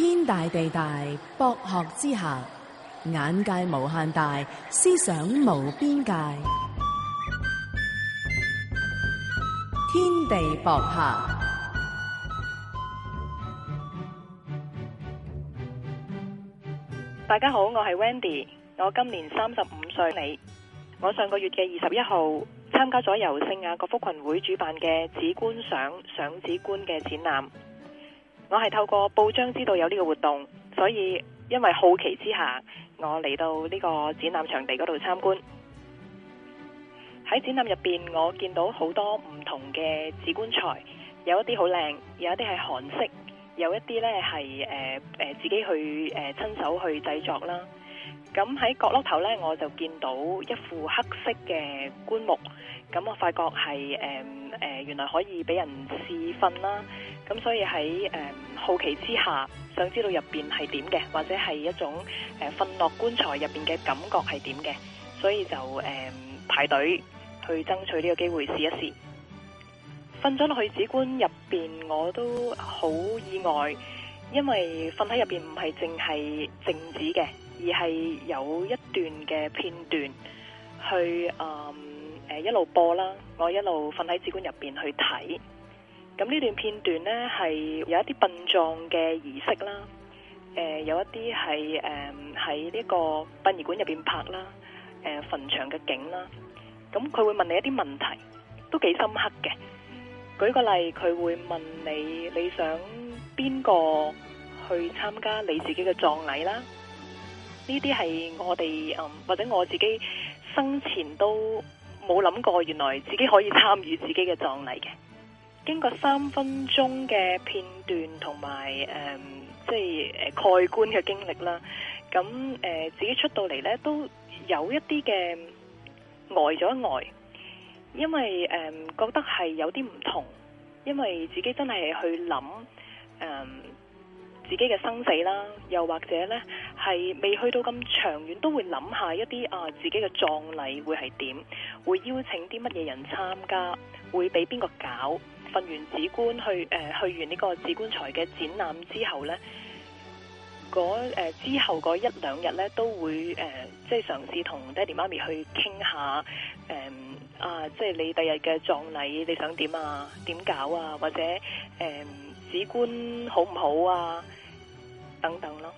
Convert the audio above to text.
天大地大，博學之下，眼界無限大，思想無邊界。天地博客，大家好，我係 Wendy，我今年三十五歲，你，我上個月嘅二十一號參加咗由聖雅各福群會主辦嘅“紙觀賞•賞紙棺”嘅展覽。我係透過報章知道有呢個活動，所以因為好奇之下，我嚟到呢個展覽場地嗰度參觀。喺展覽入邊，我見到好多唔同嘅紙棺材，有一啲好靚，有一啲係韓式，有一啲咧係誒誒自己去誒親手去製作啦。咁喺角落頭咧，我就見到一副黑色嘅棺木，咁我發覺係誒誒，原來可以俾人試瞓啦。咁所以喺誒、嗯、好奇之下，想知道入邊係點嘅，或者係一種誒瞓落棺材入邊嘅感覺係點嘅，所以就誒、嗯、排隊去爭取呢個機會試一試。瞓咗落去紙棺入邊，我都好意外，因為瞓喺入邊唔係淨係靜止嘅，而係有一段嘅片段去誒、嗯、一路播啦。我一路瞓喺紙棺入邊去睇。咁呢段片段呢，係有一啲殯葬嘅儀式啦，誒、呃，有一啲係誒喺呢個殯儀館入邊拍啦，誒、呃，墳場嘅景啦。咁、呃、佢會問你一啲問題，都幾深刻嘅。舉個例，佢會問你，你想邊個去參加你自己嘅葬禮啦？呢啲係我哋，嗯、呃，或者我自己生前都冇諗過，原來自己可以參與自己嘅葬禮嘅。經過三分鐘嘅片段同埋誒，即係誒蓋棺嘅經歷啦。咁誒、呃，自己出到嚟咧，都有一啲嘅呆咗一呆，因為誒、呃、覺得係有啲唔同，因為自己真係去諗，誒、呃、自己嘅生死啦，又或者咧係未去到咁長遠，都會諗下一啲啊自己嘅葬禮會係點，會邀請啲乜嘢人參加，會俾邊個搞。瞓完紙棺去誒、呃，去完呢個紙棺材嘅展覽之後咧，嗰誒、呃、之後一兩日咧，都會誒、呃、即係嘗試同爹哋媽咪去傾下誒、呃、啊，即係你第日嘅葬禮你想點啊？點搞啊？或者誒紙棺好唔好啊？等等咯。